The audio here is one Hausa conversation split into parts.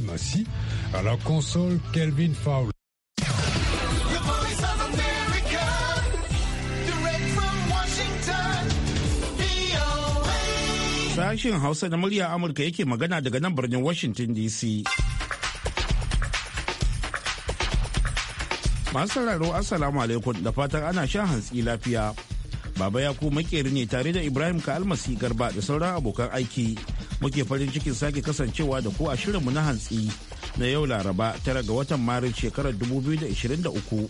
Massy à la console Kelvin Fowler. Sashen Hausa na murya Amurka yake magana daga nan birnin Washington DC. Masu sauraro Assalamu alaikum da fatan ana shan hantsi lafiya. Baba ku makeri ne tare da Ibrahim Ka'almasi Garba da sauran abokan aiki. muke farin cikin sake kasancewa da ku a shirinmu na hantsi na yau laraba tara ga watan maris shekarar 2023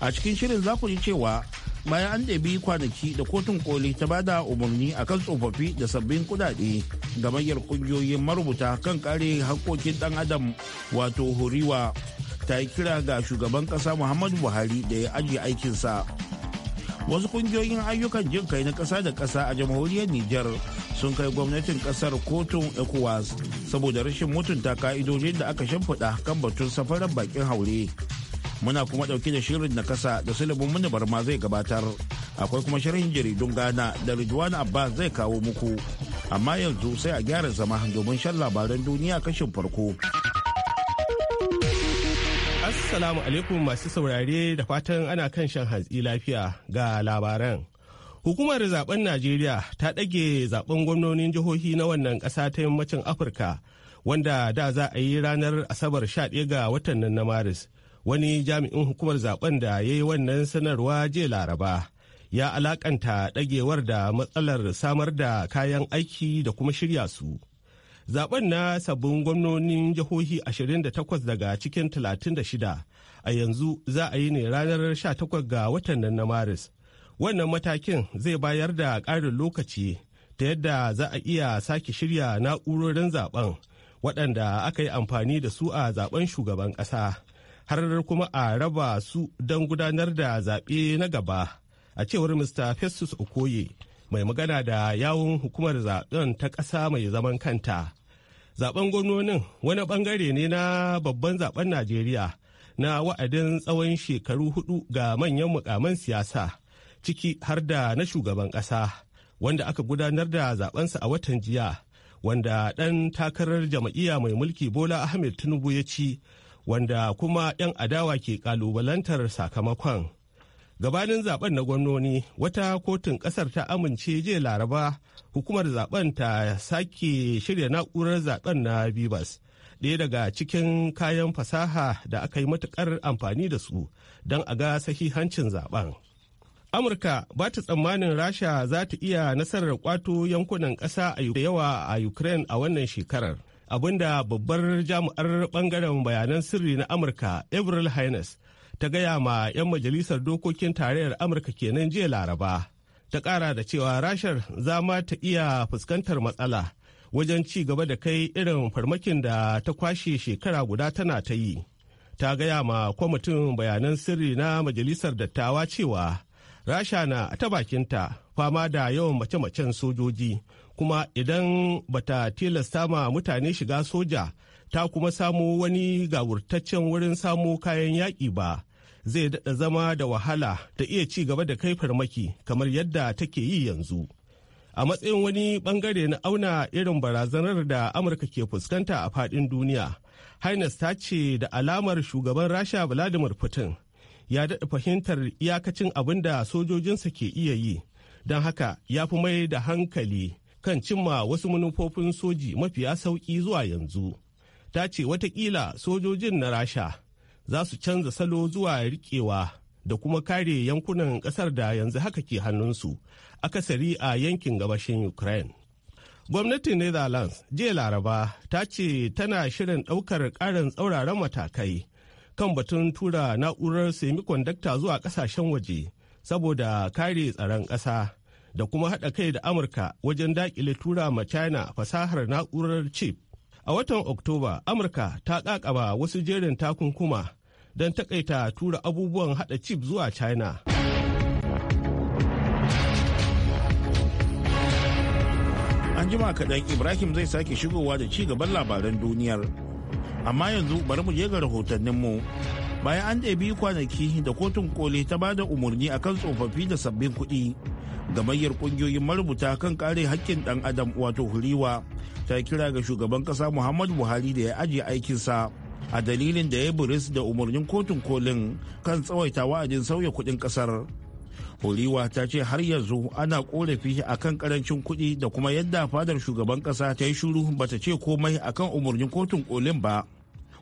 a cikin shirin za ku ji cewa bayan an ɗabi kwanaki da kotun koli ta bada umarni a kan tsofaffi da sabbin kudade gamayyar ƙungiyoyin marubuta kan kare haƙƙoƙin ɗan adam wato horiwa ta yi kira ga shugaban ƙasa muhammadu buhari da ya ajiye aikinsa wasu kungiyoyin ayyukan jin kai na ƙasa da ƙasa a jamhuriyar Nijar sun kai gwamnatin ƙasar kotun ECOWAS saboda rashin mutunta ka'idojin da aka shimfiɗa kan batun safarar bakin haure. Muna kuma ɗauke da shirin na kasa da sulubin mini barma zai gabatar. Akwai kuma shirin jaridun Ghana da Ridwan Abbas zai kawo muku. Amma yanzu sai a gyara zama domin shan labaran duniya kashin farko. Assalamu alaikum masu saurare da fatan ana kan shan hantsi lafiya ga labaran. Hukumar zaben Najeriya ta ɗage zaben gwamnonin jihohi na wannan ƙasa ta yammacin Afirka wanda da za a yi ranar Asabar 11 ga watan nan na Maris. Wani jami'in hukumar zaben da ya yi wannan sanarwa jiya Laraba ya alakanta ɗagewar da matsalar samar da kayan aiki da kuma shirya su. zaben na sabbin gwamnonin jihohi 28 daga cikin 36 a yanzu za a yi ne ranar 18 ga watan nan na maris wannan matakin zai bayar da ƙarin lokaci ta yadda za a iya sake shirya na'urorin zaben waɗanda aka yi amfani da su a zaben shugaban ƙasa har kuma a raba su don gudanar da zaɓe na gaba a cewar mr festus okoye mai magana da yawun hukumar zaben ta ƙasa mai zaman kanta zaben gwamnonin wani bangare ne na babban zaben najeriya na wa'adin tsawon shekaru hudu ga manyan mukaman siyasa ciki har da na shugaban kasa wanda aka gudanar da zabensa a watan jiya wanda ɗan takarar jam'iyya mai mulki bola ahmed tinubu ya ci wanda kuma 'yan adawa ke kalubalantar sakamakon gabanin zaben na gwamnoni wata kotun kasar ta amince jiya laraba hukumar zaben ta sake shirya na'urar zaben na bibas ɗaya daga cikin kayan fasaha da aka yi matukar amfani da su don a ga sahihancin zaben amurka ba ta tsammanin rasha za ta iya nasarar kwato yankunan ƙasa da yawa a ukraine a wannan shekarar abinda babbar jami'ar bangaren bayanan sirri na amurka avril haines ta gaya ma 'yan majalisar dokokin tarayyar amurka kenan jiya laraba ta kara da cewa rashar za ma ta iya fuskantar matsala wajen ci gaba da kai irin farmakin da ta kwashe shekara guda tana ta yi ta gaya ma kwamitin bayanan sirri na majalisar dattawa cewa rasha na ta bakinta fama da yawan mace-macen sojoji kuma idan bata tilasta ma mutane shiga soja ta kuma samo wani gawurtaccen wurin samo kayan yaƙi ba zai daɗa zama da wahala ta iya ci gaba da kai farmaki kamar yadda take yi yanzu. A matsayin wani bangare na auna irin barazanar da Amurka ke fuskanta a faɗin duniya, Haines ta ce da alamar shugaban Rasha Vladimir Putin ya daɗa fahimtar iyakacin abin da sojojinsa ke iya yi, don haka ya fi mai da hankali kan cimma wasu manufofin soji mafiya sauƙi zuwa yanzu. Ta ce watakila sojojin na Rasha. za su canza salo zuwa riƙewa da kuma kare yankunan ƙasar da yanzu haka ke hannunsu akasari a yankin gabashin ukraine gwamnatin netherlands jiya laraba ta ce tana shirin ɗaukar ƙarin tsauraran matakai kan batun tura na'urar semiconductor zuwa kasashen waje saboda kare tsaron ƙasa da kuma haɗa kai da amurka wajen daƙile tura ma china fasahar na'urar chip a watan oktoba amurka ta ƙaƙaba wasu jerin takunkuma don takaita tura abubuwan hada chip zuwa china an jima kaɗan ibrahim zai sake shigowa da ci gaban labaran duniyar amma yanzu bari mu je ga rahotanninmu bayan an ɗabi kwanaki da kotun koli ta ba da umarni akan tsofaffi da sabbin kuɗi ga gamayyar ƙungiyoyin marubuta kan ƙare haƙƙin ɗan adam wato huriwa ta kira ga shugaban ƙasa muhammadu buhari da ya ajiye aikinsa a dalilin da ya buris da umarnin kotun kolin kan tsawaita wa'adin sauya kudin kasar horiwa ta ce har yanzu ana korafi kan karancin kuɗi da kuma yadda fadar shugaban ƙasa ta yi shuru bata ce komai a kan umarnin kotun kolin ba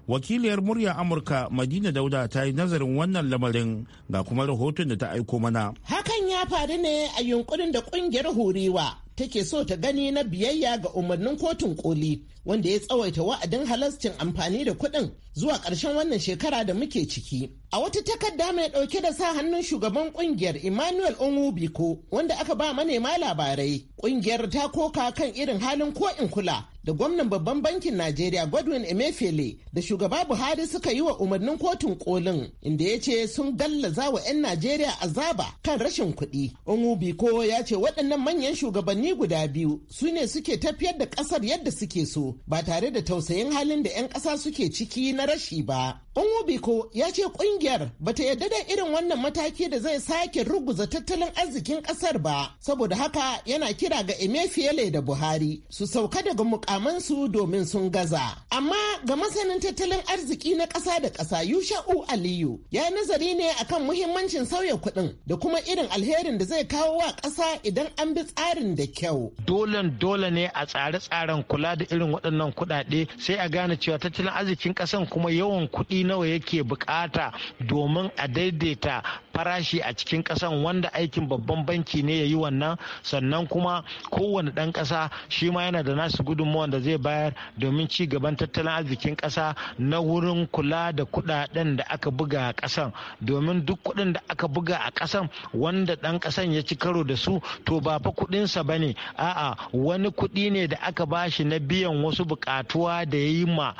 wakiliyar murya amurka madina dauda ta yi nazarin wannan lamarin ga kuma rahoton da ta aiko mana hakan ya faru ne a yunkurin da kungiyar horiwa take so ta gani na biyayya ga umarnin kotun koli wanda ya tsawaita wa'adin halascin amfani da kuɗin zuwa ƙarshen wannan shekara da muke ciki. A wata takarda mai ɗauke da sa hannun shugaban ƙungiyar Emmanuel Onwubiko wanda aka ba manema labarai, ƙungiyar ta koka kan irin halin ko in kula da gwamnan babban bankin Najeriya Godwin Emefiele da shugaba Buhari suka yi wa umarnin kotun kolin inda ya ce sun gallaza wa 'yan Najeriya azaba kan rashin kuɗi. Onwubiko ya ce waɗannan manyan shugabanni guda biyu su ne suke tafiyar da ƙasar yadda suke so ba tare da tausayin halin da 'yan ƙasa suke ciki na rashi ba. Onwubiko ya ce kungiyar bata yarda da irin wannan mataki da zai sake ruguza tattalin arzikin ƙasar ba, saboda haka yana kira ga Emefiele da Buhari su sauka daga mukamansu domin sun gaza. Amma ga masanin tattalin arziki na ƙasa da ƙasa Yusha'u Aliyu ya nazari ne akan muhimmancin sauya kuɗin da kuma irin alherin da zai kawo wa ƙasa idan an bi tsarin da kyau. dole dole ne a tsare-tsaren kula da irin waɗannan kuɗaɗe sai a gane cewa tattalin arzikin ƙasan kuma yawan kuɗi nawa yake bukata domin a daidaita farashi a cikin kasan wanda aikin babban banki ne ya yi wannan sannan kuma kowane ɗan ƙasa shi ma yana da nasu gudunmawan da zai bayar domin ci gaban tattalin arzikin ƙasa na wurin kula da kuɗaɗen da aka buga a ƙasan domin duk kuɗin da aka buga a ƙasan wanda ɗan kasan ya ci karo da su to ba fa kuɗinsa ba ne a'a wani kuɗi ne da aka ba shi na biyan wasu buƙatuwa da ya yi ma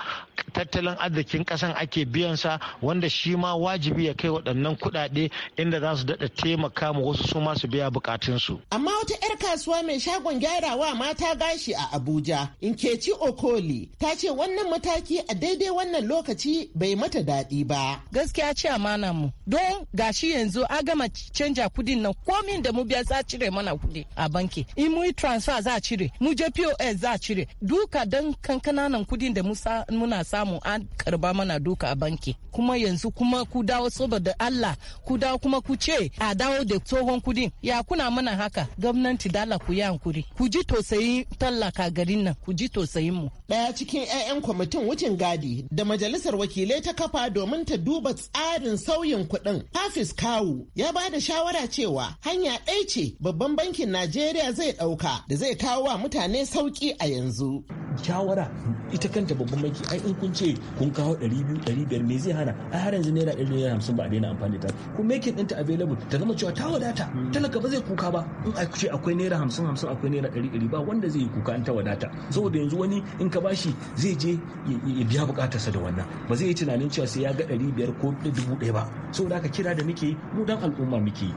tattalin arzikin ƙasan ake biyansa wanda shi ma wajibi ya kai waɗannan kuɗaɗe inda za su daɗa taimaka ma wasu su ma su biya bukatunsu. Amma wata 'yar kasuwa mai shagon gyarawa mata gashi a Abuja, Nkechi Okoli, ta ce wannan mataki a daidai wannan lokaci bai mata daɗi ba. Gaskiya ce amana mu, don gashi yanzu a gama canja kudin nan komin da mu biya za cire mana kudi a banki. In mu yi transfer za cire, mu je POS za cire. Duka don dan nan kudin da muna samu an karba mana duka a banki. Kuma yanzu kuma ku dawo saboda Allah ku dawo kuma ku ce a dawo da tsohon kudin ya kuna mana haka gwamnati dala ku yi hankuri ku ji tausayin tallaka garin nan ku ji tausayin mu daya cikin ƴaƴan kwamitin wucin gadi da majalisar wakilai ta kafa domin ta duba tsarin sauyin kuɗin hafiz kawu ya ba da shawara cewa hanya ɗaya ce babban bankin najeriya zai ɗauka da zai kawo wa mutane sauki a yanzu shawara ita kanta babban banki ai in kun ce kun kawo 200 500 me zai hana ai har yanzu naira 150 ba a daina amfani da ta kuma making ɗinta available ta zama cewa ta wadata talaka ba zai kuka ba in a ce akwai naira hamsin hamsin akwai naira ɗari ɗari ba wanda zai yi kuka in ta wadata saboda yanzu wani in ka bashi zai je ya biya bukatarsa da wannan ba zai yi tunanin cewa sai ya ga ɗari biyar ko dubu ɗaya ba saboda haka kira da muke mu dan al'umma muke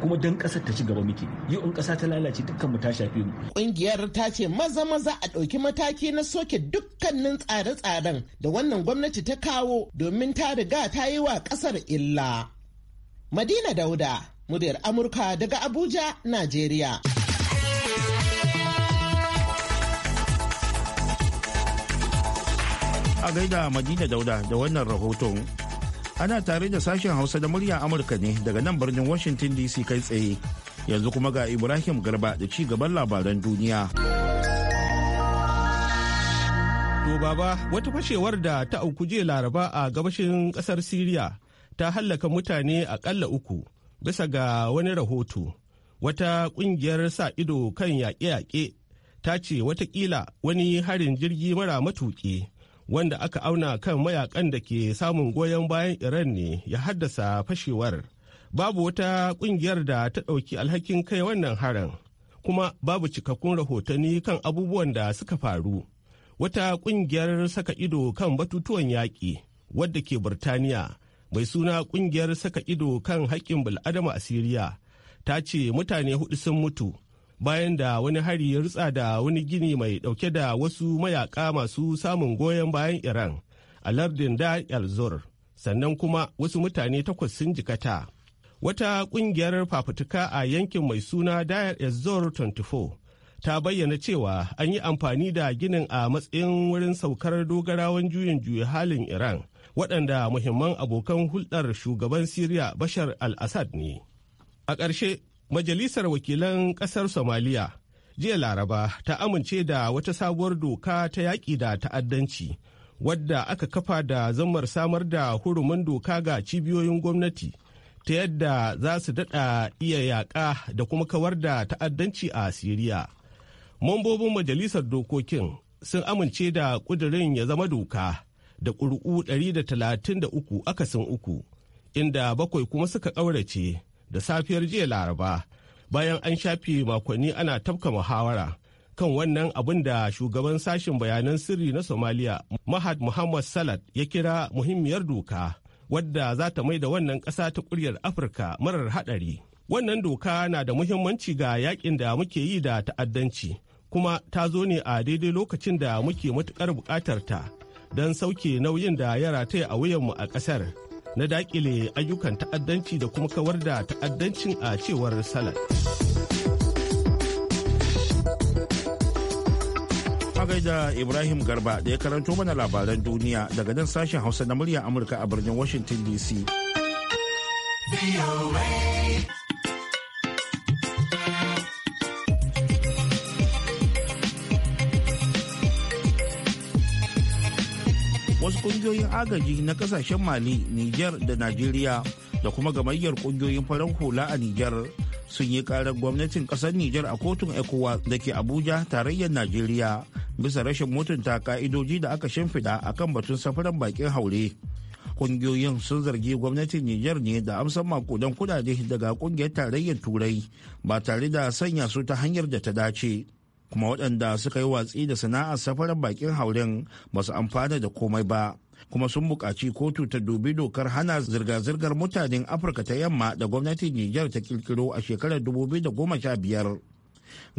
kuma dan ƙasar ta ci gaba muke yau in ƙasa ta lalace dukkan mu ta shafe mu. Ƙungiyar ta ce maza maza a ɗauki mataki na soke dukkanin tsare-tsaren da wannan gwamnati ta kawo domin ta riga ta yi wa kasar illa. Madina Dauda, muryar Amurka daga Abuja, Najeriya. A gaida Madina Dauda da wannan rahoton. Ana tare da sashen Hausa da murya Amurka ne daga nan birnin Washington DC kai tsaye. Yanzu kuma ga Ibrahim Garba da ci gaban labaran duniya. To baba wata fashewar da ta auku jiya laraba a gabashin kasar Siriya ta hallaka mutane akalla uku bisa ga wani rahoto wata ƙungiyar sa ido kan yaƙe-yaƙe ta ce watakila wani harin jirgi mara matuƙi wanda aka auna kan mayakan da ke samun goyon bayan iran ne ya haddasa fashewar babu wata ƙungiyar da ta ɗauki alhakin kai wannan harin kuma babu cikakkun rahotanni kan abubuwan da suka faru wata ƙungiyar saka ido kan batutuwan yaƙi wadda ke burtaniya mai suna kungiyar saka ido kan haƙƙin bil'adama a siriya ta ce mutane hudu sun mutu bayan da wani hari ya rutsa da wani gini mai ɗauke da wasu mayaka masu samun goyon bayan iran a lardin da elzor sannan kuma wasu mutane takwas sun jikata wata kungiyar fafutuka a yankin mai suna dayar zor 24 ta bayyana cewa an yi amfani da ginin a matsayin wurin saukar dogarawan juyin juya halin iran waɗanda muhimman abokan hulɗar shugaban Siriya Bashar al-Assad ne. A ƙarshe, Majalisar Wakilan Ƙasar Somaliya jiya Laraba ta amince da wata sabuwar doka ta yaƙi da ta'addanci wadda aka kafa da zammar samar da hurumin doka ga cibiyoyin gwamnati ta yadda za su daɗa iya yaƙa da kuma kawar da ta'addanci a Siriya. Mambobin Majalisar Dokokin sun amince da ƙudurin ya zama doka. da ƙuri'u 133 akasin uku inda bakwai kuma suka ƙaurace da safiyar jiya laraba bayan an shafe makonni ana tafka muhawara kan wannan abin da shugaban sashen bayanan sirri na somaliya mahad muhammad salat ya kira muhimmiyar doka wadda za ta mai da wannan ƙasa ta kuryar afirka marar haɗari wannan doka na da muhimmanci ga yakin da muke yi da ta'addanci kuma ta zo ne a daidai lokacin da muke matuƙar buƙatar ta don sauke nauyin da ya rataya a wuyanmu a ƙasar na daƙile ayyukan ta'addanci da kuma kawar da ta'addancin a cewar salat. da Ibrahim Garba da ya karanto mana labaran duniya daga nan sashen Hausa na murya Amurka a birnin Washington DC. kungiyoyin agaji na kasashen mali niger da najeriya da kuma gamayyar kungiyoyin farin hula a niger sun yi karar gwamnatin kasar niger a kotun Ekowa da ke abuja tarayyar najeriya bisa rashin mutunta ka'idoji da aka a kan batun safaran bakin haure kungiyoyin sun zargi gwamnatin Nijar ne da amsan makudan kudade daga kungiyar tarayyar turai ba tare da sanya su ta hanyar da ta dace. kuma waɗanda suka yi watsi da sana'ar safarar bakin hauren ba su amfana da komai ba kuma sun buƙaci kotu ta dubi dokar hana zirga-zirgar mutanen afirka ta yamma da gwamnatin niger ta kirkiro a shekarar 2015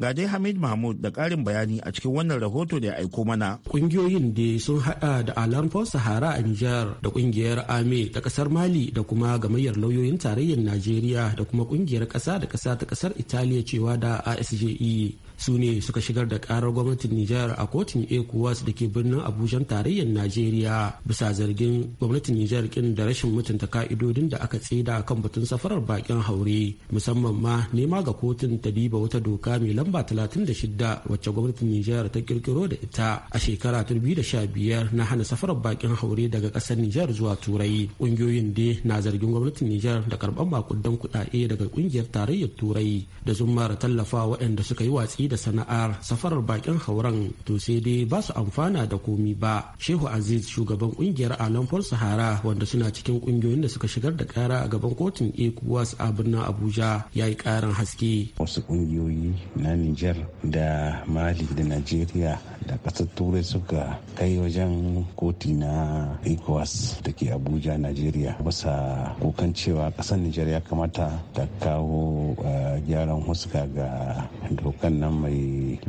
ga dai hamid mahmud da ƙarin bayani a cikin wannan rahoto da ya aiko mana ƙungiyoyin da sun haɗa da alarm for sahara a niger da ƙungiyar ame ta ƙasar mali da kuma gamayyar lauyoyin tarayyar najeriya da kuma ƙungiyar ƙasa da ƙasa ta ƙasar italiya cewa da asje su ne suka shigar da karar gwamnatin Nijar a kotun ECOWAS da ke birnin Abuja tarayyar Najeriya bisa zargin gwamnatin Nijar kin da rashin mutunta ka'idodin da aka tsida kan batun safarar bakin haure musamman ma nema ga kotun ta diba wata doka mai lamba 36 wacce gwamnatin Nijar ta kirkiro da ita a shekara 2015 na hana safarar bakin haure daga kasar Nijar zuwa Turai kungiyoyin dai na zargin gwamnatin Nijar da karban makudan kuɗaɗe daga kungiyar tarayyar Turai da zumar tallafa waɗanda suka yi watsi da sana'ar safarar bakin hauran to sai dai ba su amfana da komi ba shehu aziz shugaban kungiyar alam for sahara wanda suna cikin kungiyoyin da suka shigar da kara a gaban kotun ecowas a birnin abuja ya yi karin haske wasu kungiyoyi na niger da mali da nigeria da kasar turai suka kai wajen koti na ecowas da ke abuja nigeria basa kukan cewa kasar niger ya kamata ta kawo eh, gyaran huska ga dokan nan mai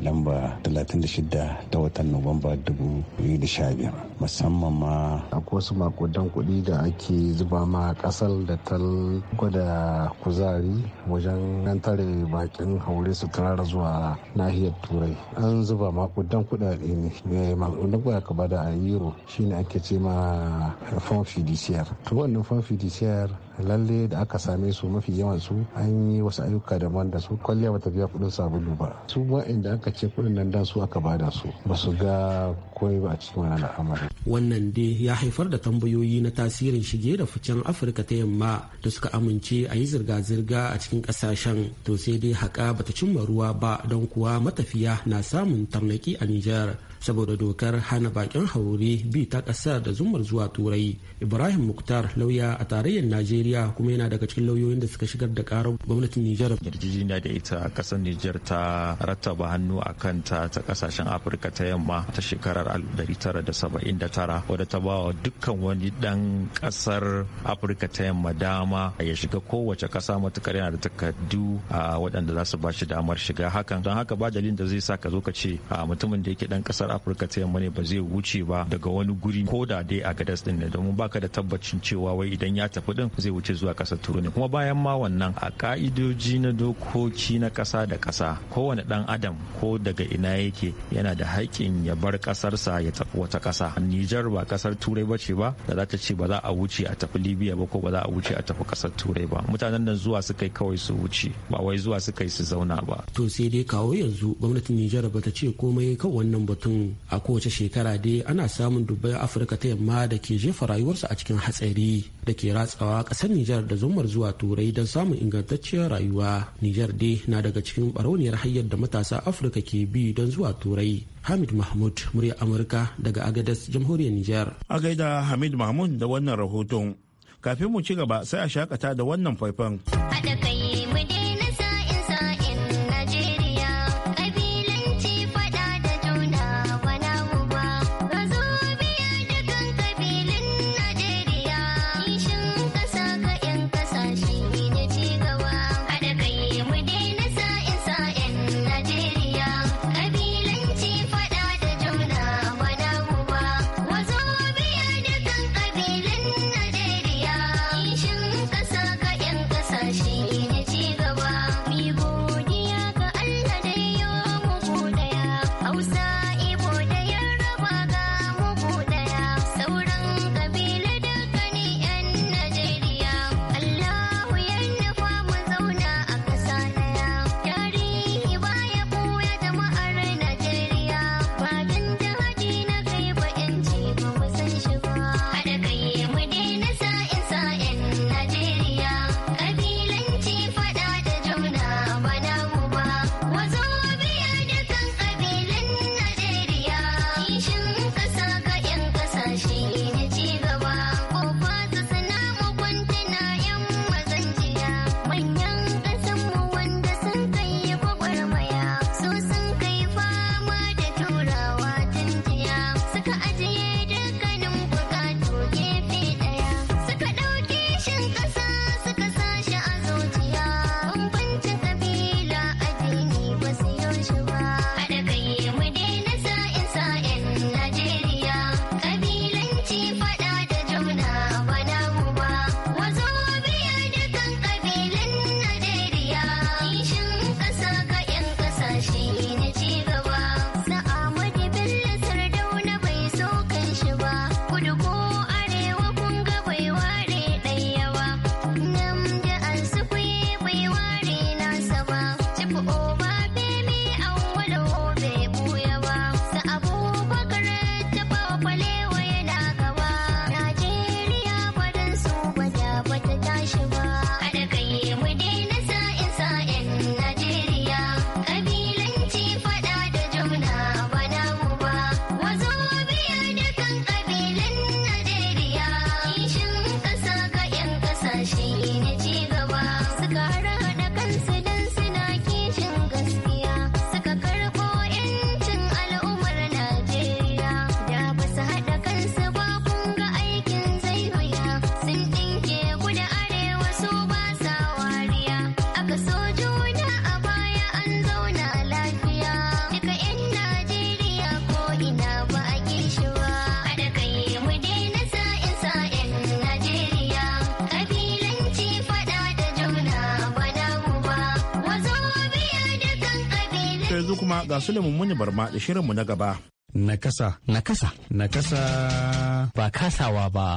lamba 36 ta watan nuwamba 2015 musamman ma akwai wasu makudan kuɗi da ake zuba ma ƙasar da tal gwada kuzari wajen rantare bakin haure su turara zuwa nahiyar turai an zuba makudan kuɗaɗe ne mai eh, makudan kuɗa ka bada a euro shine ake ce ma fan to lalle da aka same su mafi yawan su an yi wasu ayyuka da da su kwalliya ta biya kudin sabulu ba su inda aka ce kudin nan da su aka bada su ba su ga komai ba a cikin wannan al'amari wannan dai ya haifar da tambayoyi na tasirin shige da ficen afirka ta yamma da suka amince a yi zirga-zirga a cikin kasashen to sai dai haka bata cimma ruwa ba don kuwa matafiya na samun tarnaki a nijar saboda dokar hana bakin haure bi ta kasar da zumar zuwa turai ibrahim muktar lauya a tarayyar najeriya kuma yana daga cikin lauyoyin da suka shigar da karar gwamnatin nijar yarjejeniya da ita kasar nijar ta rattaba hannu a kanta ta kasashen afirka ta yamma ta shekarar 1979 wadda ta ba wa dukkan wani dan kasar afirka ta yamma dama ya shiga kowace kasa matukar yana da takardu a waɗanda za su ba shi damar shiga hakan don haka ba dalilin da zai sa ka zo ka ce mutumin da yake dan kasar kasar afirka ta yamma ne ba zai wuce ba daga wani guri ko da dai a gadas din ne domin baka da tabbacin cewa wai idan ya tafi din zai wuce zuwa kasar turai ne kuma bayan ma wannan a ka'idoji na dokoki na kasa da kasa kowane dan adam ko daga ina yake yana da haƙƙin ya bar kasarsa ya tafi wata kasa nijar ba kasar turai ba ce ba da za ta ce ba za a wuce a tafi libya ba ko ba za a wuce a tafi kasar turai ba mutanen nan zuwa suka yi kawai su wuce ba wai zuwa suka yi su zauna ba to sai dai kawo yanzu gwamnatin nijar ba ta ce komai kan wannan batun a kowace shekara dai ana samun dubbai afirka ta yamma da ke jefa rayuwarsa a cikin hatsari da ke ratsawa kasar nijar da zumar zuwa turai don samun ingantacciyar rayuwa nijar dai na daga cikin barauniyar hanyar da matasa afirka ke bi don zuwa turai hamid mahmud murya amurka daga agadas jamhuriyar nijar a gaida hamid mahmud da wannan rahoton kafin mu ci gaba sai a shakata da wannan faifan ga Sulaiman Muni Barma da shirinmu na gaba. Nakasa. Nakasa. Nakasa. Ba kasawa ba.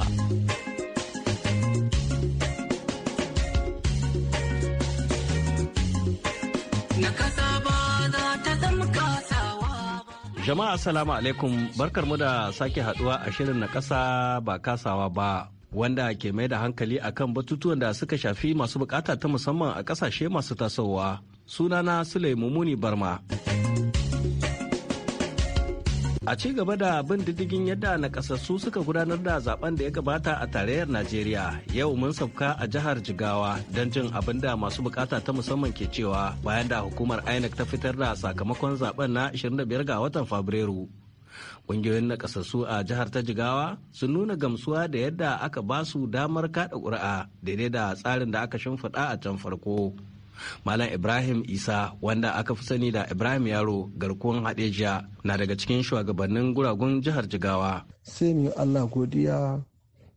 Jama'a salamu alaikum barkar mu da sake haduwa a shirin na kasa ba kasawa ba wanda ke mai da hankali akan batutuwan da suka shafi masu bukata ta musamman a kasashe masu tasowa sunana Sulaimu Muni Barma. a ci gaba da bin diddigin yadda nakasassu suka gudanar da zaben da ya gabata a tarayyar najeriya yau mun sauka a jihar jigawa don jin abin da masu bukata ta musamman ke cewa bayan da hukumar inec ta fitar da sakamakon zaben na 25 ga watan fabrairu Ƙungiyoyin nakasassu a jihar ta Jigawa sun nuna gamsuwa da yadda aka ba su damar kada ƙuri'a daidai da tsarin da aka shimfiɗa a can farko. Malam Ibrahim Isa wanda aka fi sani da Ibrahim Yaro garkuwan Hadejiya na daga cikin shugabannin guragun jihar Jigawa. Sai mu Allah godiya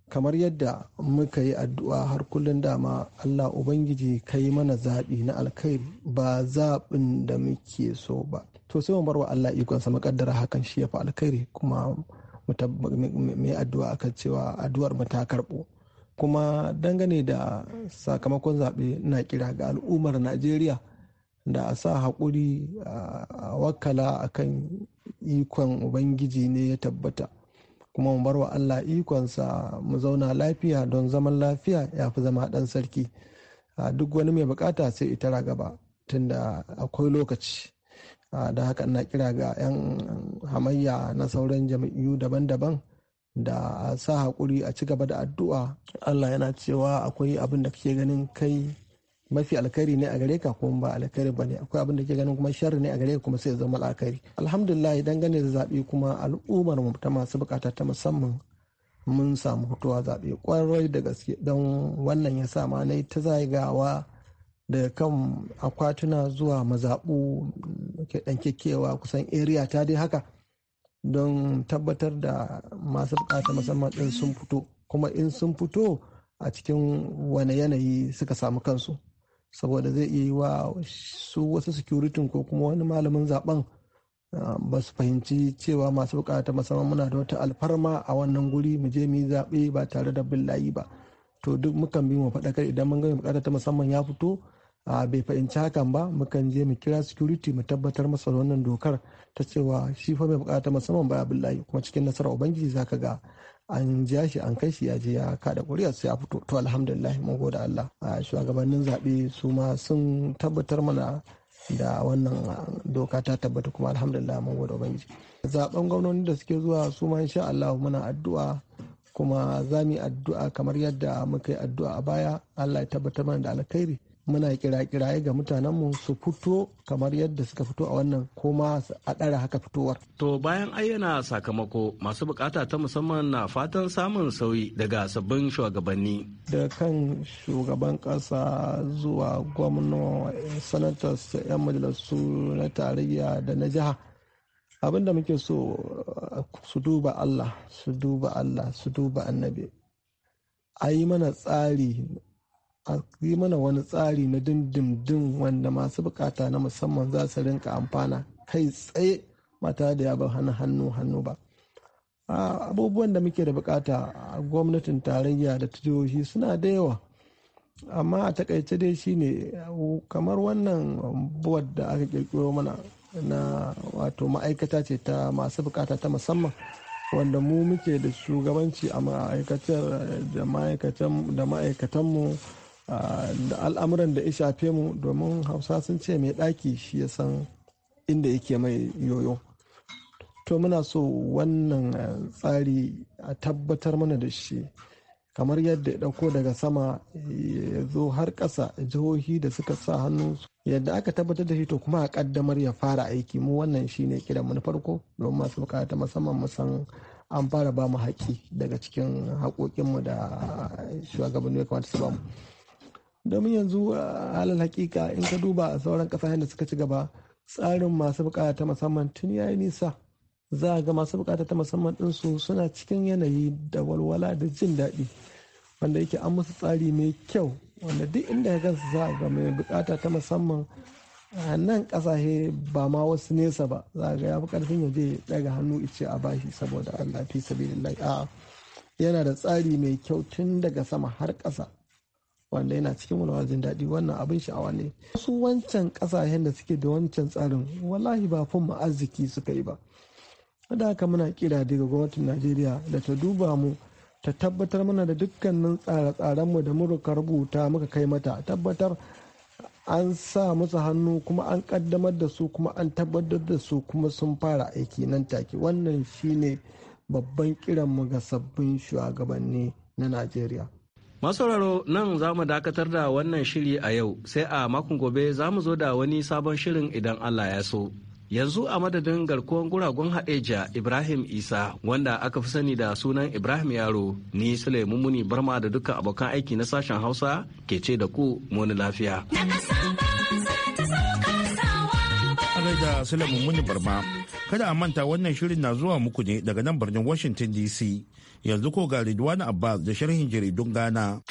kamar yadda muka yi addu'a har kullum dama Allah Ubangiji ka yi mana zaɓi na alkhairi ba zaɓin da muke so ba. To sai mu bar wa Allah sa makaddara hakan shi ya fi alkhairi kuma mu yi addu'a akan cewa addu'ar mu ta karɓo. kuma dangane da sakamakon zaɓe na kira ga al'ummar najeriya da a sa haƙuri a wakala a kan ikon ubangiji ne ya tabbata kuma mu bar wa allah ikonsa mu zauna lafiya don zaman lafiya ya fi zama ɗan sarki duk wani mai bukata sai ita gaba tunda akwai lokaci da haka na kira ga 'yan hamayya na sauran jam'iyyu daban-daban da a sa haƙuri a ci gaba da addu'a Allah yana cewa akwai abin da kake ganin kai mafi alkhairi ne a gare ka kuma ba alkhairi bane akwai abin da ke ganin kuma sharri ne a gare ka kuma sai zama alkhairi alhamdulillah dangane da zabi kuma al'ummar mu ta masu bukata ta musamman mun samu hutuwa zaɓe kwarai da gaske don wannan ya sa ma ta zagawa daga kan akwatuna zuwa mazaɓu ke ɗan kekewa kusan area ta dai haka don tabbatar da masu bukata musamman din sun fito kuma in sun fito a cikin wane yanayi suka samu kansu saboda zai iya yi wa su wasu security ko kuma wani malamin zaben ah, ba su fahimci cewa masu bukata musamman muna da wata alfarma a wannan guri mu je mu zaɓe ba tare da bin layi ba to duk mukan bi mu faɗakar idan mun ga bukata ta musamman ya fito bai fahimci hakan ba mukan je mu kira security mu tabbatar masa da wannan dokar ta cewa shi fa bai bukata musamman ba abdullahi kuma cikin nasarar ubangiji zaka ga an ja shi an kai shi ya je ya kada kuri'a sai a fito to alhamdulillah mun gode Allah shugabannin zabe su ma sun tabbatar mana da wannan doka ta tabbata kuma alhamdulillah mun gode ubangiji zaben gwamnoni da suke zuwa su ma insha Allah muna addu'a kuma za mu yi addu'a kamar yadda muka yi addu'a a baya Allah ya tabbatar mana da alkhairi muna kira-kiraye ga mutanenmu su fito kamar yadda suka fito a wannan koma a ɗara haka fitowar. To bayan ayyana sakamako masu bukata ta musamman na fatan samun sauyi daga sabbin shugabanni. Da kan shugaban ƙasa zuwa gwamnan sanatas 'yan majalisu na tarayya da na jiha. abin da muke so su duba Allah su duba Allah su duba annabi a yi mana tsari a yi mana wani tsari na dindindin wanda masu bukata na musamman za su rinka amfana kai tsaye mata da ya bar hannu hannu hannu ba abubuwan da muke da bukata a gwamnatin tarayya da tijohi suna da yawa amma a takaice dai shine kamar wannan buwar da aka kirkiro mana na wato ma'aikata ce ta masu bukata ta musamman wanda mu muke da shugabanci a ma'aikatar da ma'aikatanmu da al'amuran da ya shafe mu domin hausa sun ce mai ɗaki shi ya san inda yake mai yoyo to muna so wannan eh, tsari a tabbatar mana da shi kamar yadda ya ɗauko daga sama ya zo har ƙasa jihohi da suka sa hannu yadda aka tabbatar da shi to kuma a ƙaddamar ya fara aiki mu wannan shi ne kiran mu farko don masu bukata musamman musan an fara ba mu haƙi daga cikin haƙoƙinmu da shugabanni ya kamata su ba mu domin yanzu halal hakika in ka duba a sauran kasashen da suka ci gaba tsarin masu bukata ta musamman tun yayi nisa za ga masu bukata ta musamman su suna cikin yanayi da walwala da jin daɗi wanda yake an musu tsari mai kyau wanda duk inda ya gansu za ga mai bukata ta musamman a nan kasashe ba ma wasu nesa ba za ga ya fi karfin ya je daga hannu ice a bashi saboda allah fi sabilillahi yana da tsari mai kyau tun daga sama har ƙasa wanda yana cikin wani wajen daɗi wannan abin sha'awa ne wasu wancan ƙasashen da suke da wancan tsarin wallahi ba fun arziki suka yi ba da haka muna kira daga gwamnatin najeriya da ta duba mu ta tabbatar mana da dukkanin tsare-tsarenmu da muka rubuta muka kai mata tabbatar an sa musu hannu kuma an kaddamar da su kuma an tabbatar da su kuma sun fara aiki nan take wannan shine babban kiranmu ga sabbin shugabanni na najeriya Masauraro nan za mu dakatar da wannan shiri a yau sai a makon gobe za mu zo da wani sabon shirin idan Allah ya so. Yanzu a madadin garkuwar guragun haɗeja Ibrahim Isa wanda aka fi sani da sunan Ibrahim Yaro ni Sulaimu Muni Barma da dukkan abokan aiki na sashen Hausa ke ce da ku muni lafiya. da Sulaimu Muni Barma kada a manta wannan shirin na zuwa muku ne daga nan birnin Washington DC. yanzu ko ga Ridwan Abbas da sharhin jaridun Ghana.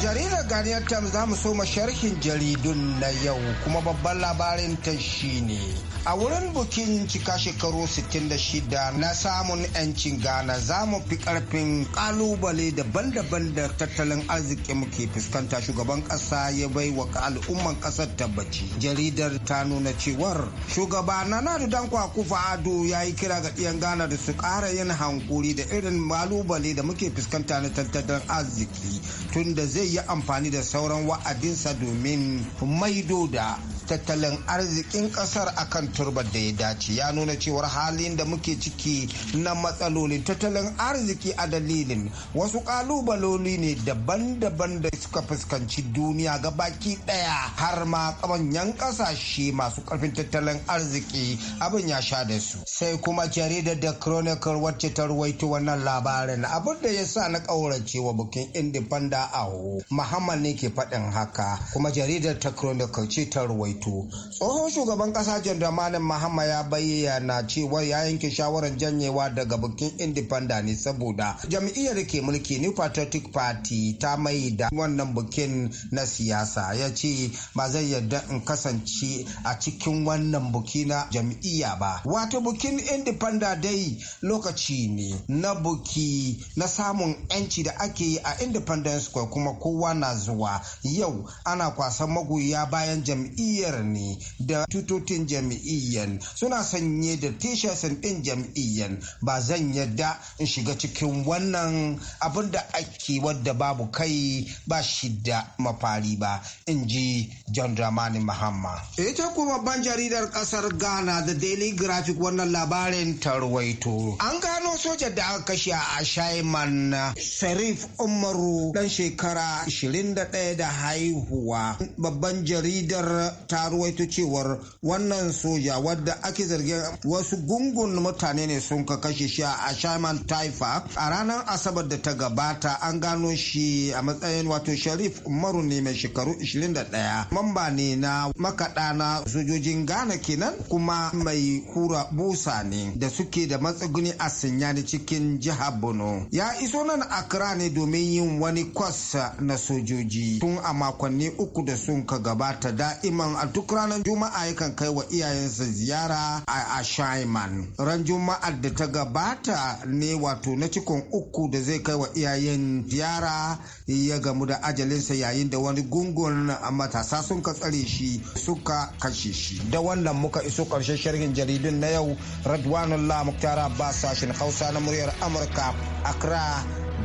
jaridar Ghanaian Times za mu so sharhin jaridun na yau kuma babban labarin ta shine A wurin bukin cika shekaru 66 na samun 'yancin Ghana za mu fi karfin ƙalubale daban-daban da tattalin arziki muke fuskanta shugaban kasa ya bai wa al'umman ƙasar tabbaci. Jaridar ta nuna cewar shugaba na nadu dan kwakufa ado ya yi kira ga ɗiyan Ghana da su ƙara yin hankuri da irin malubale da muke fuskanta na tattalin arziki tunda zai yi amfani da sauran wa'adinsa domin maido da tattalin arzikin kasar akan turbar da ya dace ya nuna cewar halin da muke ciki na matsalolin tattalin arziki a dalilin wasu kalubaloli ne daban-daban da suka fuskanci duniya ga baki daya har ma kamanyan kasashe masu karfin tattalin arziki abin ya sha da su sai kuma jaridar da chronicle wacce ta ruwaito wannan labarin abin da ya sa na ƙauracewa wa bukin a aho muhammad ne ke faɗin haka kuma jaridar ta chronicle ce ta ruwaito makarantu tsohon shugaban kasa john mahama ya bayyana cewa ya yanke shawarar janyewa daga bukin Indipanda ne saboda jam'iyyar ke mulki new patriotic party ta mai da wannan bukin na siyasa ya ce ba zai yarda in kasance a cikin wannan buki na jam'iyya ba wato bukin Indipanda dai lokaci ne na buki na samun 'yanci da ake yi a independence square kuma kowa na zuwa yau ana kwasan magoya bayan jam'iyyar biyar ne da tutotin jam'iyyan suna sanye da tishasin din jam'iyyan ba zan yadda in shiga cikin wannan abin da ake wadda babu kai ba shi da mafari ba in ji john dramani mahamma ita kuma ban jaridar kasar ghana da daily graphic wannan labarin tarwaito an gano soja da aka kashe a shaiman sharif umaru dan shekara 21 da haihuwa babban jaridar ta ta ruwaito cewar wannan soja wadda ake zargin wasu gungun mutane ne sun ka kashe shi a shaman taifa a ranar asabar da ta gabata an gano shi a matsayin wato sharif umaru ne mai shekaru 21 mamba ne na makaɗa na sojojin ghana kenan kuma mai kura busa ne da suke da matsuguni a sinyani cikin jihar bono ya iso nan kira ne domin yin wani kwas na sojoji tun a makonni uku da sun ka gabata da'iman a duk ranar juma'a yakan kai wa iyayensa ziyara a ashaiman ran juma'ar da ta gabata ne wato na cikon uku da zai kai wa iyayen ziyara ya gamu da ajalinsa yayin da wani gungun matasa sun ka tsare shi suka kashe shi da wannan muka iso karshen sharhin jaridun na yau radwanullah muktar abbas sashen hausa na muryar amurka accra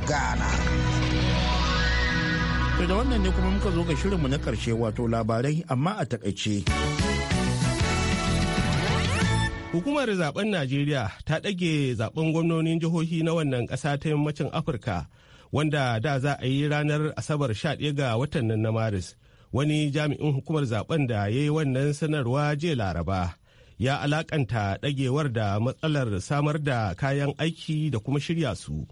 ghana To da wannan ne kuma muka zo ga shirinmu na karshe wato labarai amma a takaice. Hukumar zaben Najeriya ta ɗage zaben gwamnonin jihohi na wannan ƙasa ta yammacin Afirka wanda da za a yi ranar Asabar 11 ga watan nan na Maris. Wani jami'in hukumar zaben da ya yi wannan sanarwa jiya Laraba ya alakanta ɗagewar da matsalar samar da kayan aiki da kuma shirya su.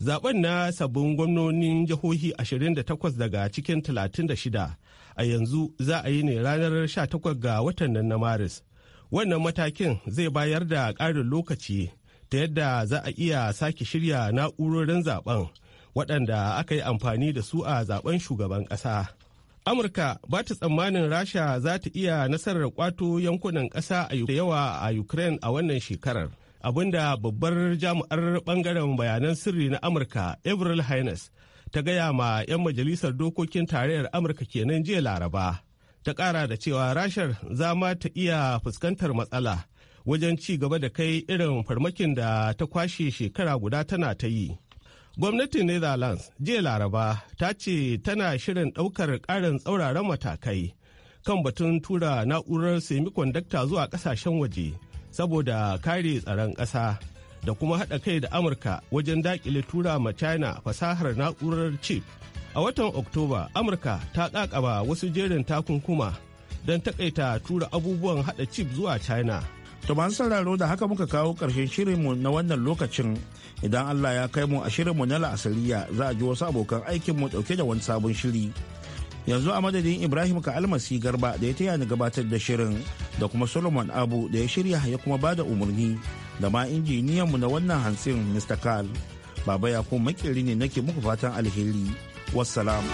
zaben na sabbin gwamnonin jihohi 28 daga cikin 36 a yanzu za a yi ne ranar 18 ga watan nan na maris wannan matakin zai bayar da ƙarin lokaci ta yadda za a iya sake shirya na'urorin zaben waɗanda aka yi amfani da su a zaben shugaban ƙasa amurka ba ta tsammanin rasha za ta iya nasarar kwato yankunan ƙasa da yawa a ukraine a wannan shekarar abinda babbar jami'ar bangaren bayanan sirri na amurka avril haines ta gaya ma 'yan majalisar dokokin tarayyar amurka kenan jiya laraba ta kara da cewa rashar za ma ta iya fuskantar matsala wajen ci gaba da kai irin farmakin da ta kwashe shekara guda tana ta yi gwamnatin netherlands jiya laraba ta ce tana shirin ɗaukar ƙarin tsauraran matakai kan batun tura na'urar semiconductor zuwa ƙasashen waje saboda kare tsaron ƙasa da kuma haɗa kai da amurka wajen daƙile tura ma china fasahar na'urar chip a watan oktoba amurka ta ƙaƙaba wasu jerin takunkuma don taƙaita tura abubuwan haɗa chip zuwa china to masu sauraro da haka muka kawo ƙarshen shirinmu na wannan lokacin idan allah ya kai mu a shirinmu na la'asariya za a ji wasu abokan aikinmu ɗauke da wani sabon shiri. yanzu a madadin ibrahim ka almasi garba da ya taya ni gabatar da shirin da kuma solomon abu da ya shirya ya kuma ba da umarni da ma injiniyanmu na wannan hansin mr karl baba ya ku makeri ne nake muku fatan alheri wassalamu